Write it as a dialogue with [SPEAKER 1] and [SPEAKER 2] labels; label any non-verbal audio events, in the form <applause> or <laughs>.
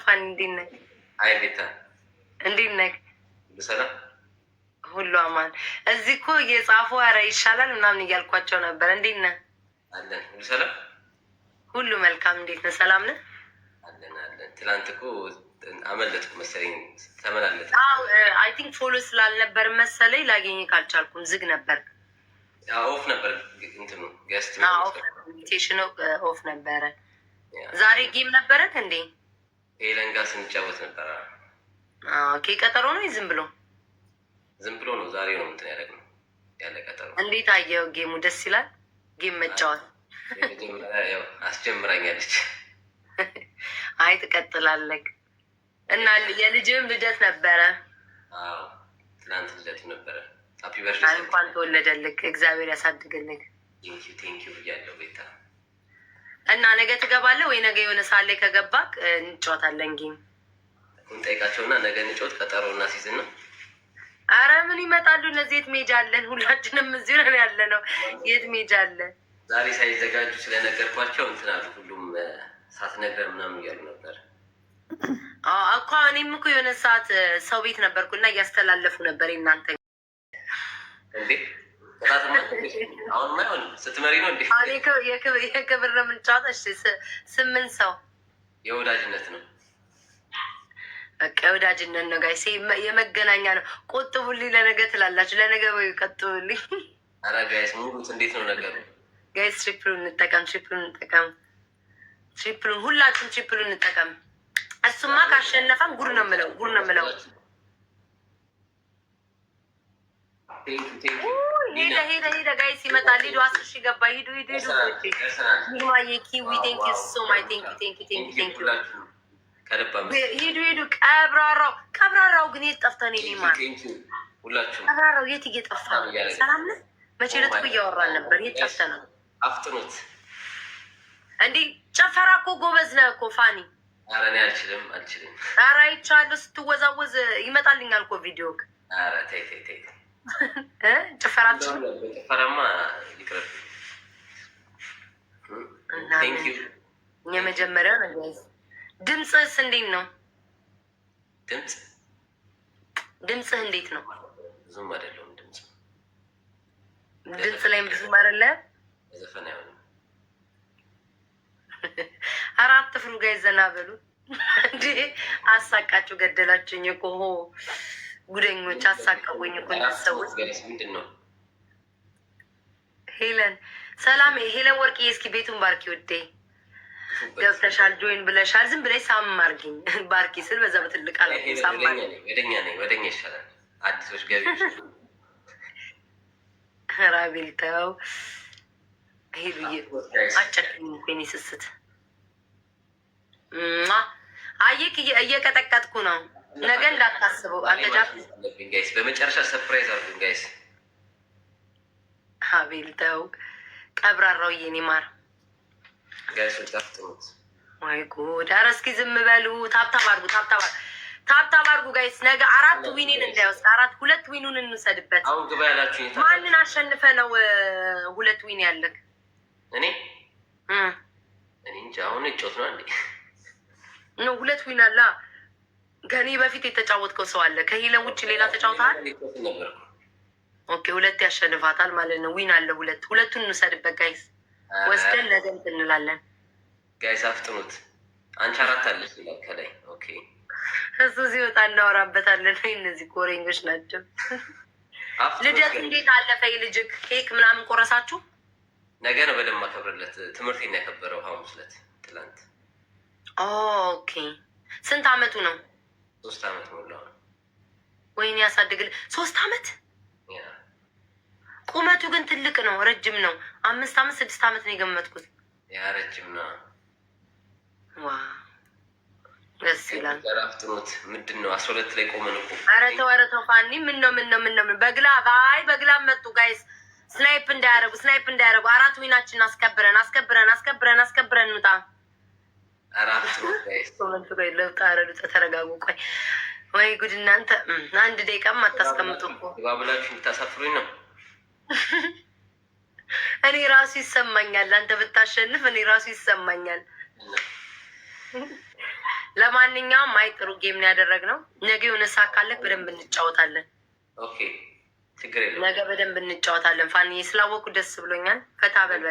[SPEAKER 1] አፋን እንዴት ነህ? አይ ቤታ እንዴት ነህ? በሰላም ሁሉ አማን። እዚህ እኮ የጻፉ ኧረ ይሻላል ምናምን እያልኳቸው ነበር። እንዴት ነህ?
[SPEAKER 2] አለን ሁሉ ሰላም፣
[SPEAKER 1] ሁሉ መልካም። እንዴት ነህ? ሰላም ነህ?
[SPEAKER 2] አለን አለን። ትላንት እኮ አመለጥኩ መሰለኝ ተመላለጥኩ።
[SPEAKER 1] አይ ቲንክ ፎሎ ስላልነበር መሰለኝ ላገኘ ካልቻልኩም ዝግ ነበር
[SPEAKER 2] ኦፍ ነበር እንትኑ ገስት
[SPEAKER 1] ኢንቪቴሽን ኦፍ ነበረ። ዛሬ ጌም ነበረ እንዴ?
[SPEAKER 2] ኤለን ጋር ስንጫወት ነበረ።
[SPEAKER 1] ኦኬ፣ ቀጠሮ ነው ዝም ብሎ
[SPEAKER 2] ዝም ብሎ ነው። ዛሬ ነው እንትን ነው ያለ ቀጠሮ።
[SPEAKER 1] እንዴት አየው? ጌሙ ደስ ይላል። ጌም መጫወት
[SPEAKER 2] አስጀምራኛለች።
[SPEAKER 1] አይ ትቀጥላለግ እና የልጅም ልደት ነበረ
[SPEAKER 2] ትናንት፣ ልደት ነበረ።
[SPEAKER 1] እንኳን ተወለደልህ፣ እግዚአብሔር ያሳድግልህ።
[SPEAKER 2] ቴንኪዩ ብያለሁ ቤታ
[SPEAKER 1] እና ነገ ትገባለ ወይ? ነገ የሆነ ሰዓት ላይ ከገባክ እንጫወታለን። ጌም
[SPEAKER 2] እና ነገ እንጫወት ቀጠሮ እና ነው።
[SPEAKER 1] አረ ምን ይመጣሉ እነዚህ? የት መሄጃ አለን? ሁላችንም እዚህ ነው ያለ ነው። የት መሄጃ
[SPEAKER 2] ዛሬ ሳይዘጋጁ ስለነገርኳቸው እንትን አሉ። ሁሉም ሳትነግረን ምናምን እያሉ ነበር
[SPEAKER 1] እኮ እኔም እኮ የሆነ ሰዓት ሰው ቤት ነበርኩና እያስተላለፉ ነበር የእናንተ
[SPEAKER 2] እንዴ ስትመሪ ነው እንዴ?
[SPEAKER 1] የክብር ምንጫወት። እሺ ስምንት ሰው
[SPEAKER 2] የወዳጅነት ነው።
[SPEAKER 1] በቃ የወዳጅነት ነው። ጋይ የመገናኛ ነው። ቆጥቡልኝ ለነገ ትላላችሁ። ለነገ ወይ ቆጥቡልኝ።
[SPEAKER 2] ኧረ ጋይስ ሙሉት። እንዴት ነው ነገሩ
[SPEAKER 1] ጋይስ? ትሪፕሉን እንጠቀም፣ ትሪፕሉን እንጠቀም፣ ትሪፕሉን ሁላችሁም ትሪፕሉን እንጠቀም። እሱማ ካሸነፈን ጉድ ነው የምለው፣ ጉድ ነው የምለው። ሄደ ሄደ ሄደ። ጋይስ ይመጣል። ሂዱ፣ አስር ሺህ ገባ። ሂዱ ሂዱ ሂዱ። ኪዊ ቴንክ ዩ ሶ ማች ቴንክ ዩ ቴንክ ዩ ቴንክ ዩ ቴንክ ዩ
[SPEAKER 2] ሂዱ
[SPEAKER 1] ሂዱ። ቀብራራው ቀብራራው ግን የት ጠፍተህ ነው? እኔማ ቀብራራው የት እየጠፋ ነው? ሰላም ነህ? መቼ ዕለት እኮ እያወራን ነበር። የት ጠፍተህ ነው? አፍጥኑት እንዴ! ጨፈራ እኮ ጎበዝ ነህ እኮ ፋኒ።
[SPEAKER 2] ኧረ እኔ አልችልም አልችልም።
[SPEAKER 1] ኧረ አይቻለሁ ስትወዛወዝ። ይመጣልኛል እኮ ቪዲዮ።
[SPEAKER 2] ኧረ ተይ ተይ ተይ ጭፈራችን ጭፈራማ
[SPEAKER 1] የመጀመሪያው ነገር ድምፅህስ እንዴት ነው? ድምፅ ድምፅህ እንዴት ነው?
[SPEAKER 2] ብዙም አይደለሁም። ድምፅ
[SPEAKER 1] ድምፅ ላይም ብዙም አይደለ። ዘፈን አይሆንም። ኧረ አትፍሩ ጋይ ዘና በሉ። <laughs> አሳቃችሁ ገደላችሁኝ እኮ ጉደኞች አሳቀቡኝ እኮ ሰዎች። ሄለን ሰላም፣ ሄለን ወርቅ እስኪ ቤቱን ባርኪ ወዴ ገብተሻል ጆይን ብለሻል። ዝም ብለሽ ሳም አድርጊኝ <laughs> ባርኪ ስል በዛ በትልቅ አለ
[SPEAKER 2] ወደኛ ነኝ ወደኛ ይሻላል። አዲሶች ገቢዎች
[SPEAKER 1] ራቤል <laughs> ተው ሄዱዬ፣ አጨቅኝ እኮ ስስት አየክ፣ እየቀጠቀጥኩ ነው ነገ እንዳታስበው አንተ ጃፍ።
[SPEAKER 2] በመጨረሻ ሰርፕራይዝ አድርጉን ጋይስ።
[SPEAKER 1] ሀቤል ተው ቀብራራው የኔ ማር ወይ ጉድ! ኧረ እስኪ ዝም በሉ። ታብታብ አድርጉ፣ ታብታብ ታብታብ ጋይስ። ነገ አራት ዊኔን እንዳይወስድ አራት ሁለት ዊኑን እንውሰድበት።
[SPEAKER 2] አሁን ግባ ያላችሁ
[SPEAKER 1] ማንን አሸንፈ ነው ሁለት ዊን ያለግ?
[SPEAKER 2] እኔ እኔ እንጃ። አሁን እጮት ነው አንዴ
[SPEAKER 1] ነው ሁለት ዊን አላ ከኔ በፊት የተጫወትከው ሰው አለ። ከሂለ ውጭ ሌላ ተጫውተሃል። ኦኬ፣ ሁለት ያሸንፋታል ማለት ነው። ዊን አለ። ሁለት ሁለቱን እንውሰድበት ጋይስ፣ ወስደን ነገ እንትን እንላለን
[SPEAKER 2] ጋይስ። አፍጥኑት። አንቺ አራት አለች ከላይ። ኦኬ፣
[SPEAKER 1] እሱ ሲወጣ እናወራበታለን። እነዚህ ኮሬኞች ናቸው። ልደት እንዴት አለፈ? ልጅክ ኬክ ምናምን ቆረሳችሁ?
[SPEAKER 2] ነገ ነው በደንብ አከብርለት። ትምህርት ነው ያከበረው ሐሙስ ዕለት ትላንት።
[SPEAKER 1] ኦኬ፣ ስንት አመቱ ነው?
[SPEAKER 2] ሶስት አመት ሞላው።
[SPEAKER 1] ወይኔ ያሳድግል። ሶስት አመት ቁመቱ ግን ትልቅ ነው፣ ረጅም ነው። አምስት አመት ስድስት አመት ነው የገመትኩት።
[SPEAKER 2] ያ ረጅም ነው። ደስ ይላል። ራፍትኖት ምንድን ነው አስራ ሁለት ላይ ቆመን እኮ።
[SPEAKER 1] ኧረ ተው ኧረ ተው ፋኒ፣ ምን ነው ምን ነው ምን ነው? በግላብ አይ በግላብ መጡ ጋይስ። ስናይፕ እንዳያረጉ ስናይፕ እንዳያረጉ። አራት ዊናችን አስከብረን አስከብረን አስከብረን አስከብረን እንውጣ ኮመንት ተረጋጉ። ቆይ ወይ ጉድ እናንተ አንድ ደቂቃም አታስቀምጡ እኮ
[SPEAKER 2] ባብላችሁ የምታሳፍሩኝ ነው።
[SPEAKER 1] እኔ ራሱ ይሰማኛል። አንተ ብታሸንፍ እኔ ራሱ ይሰማኛል። ለማንኛውም አይጥሩ ጥሩ ጌም ነው ያደረግነው። ነገ የሆነ ሰዓት በደንብ እንጫወታለን። ነገ በደንብ እንጫወታለን። ፋንዬ ስላወኩ ደስ ብሎኛል። ፈታ በል በቃ